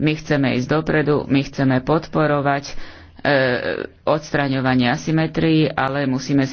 My chceme ísť dopredu, my chceme podporovať e, odstraňovanie asymetrií, ale musíme si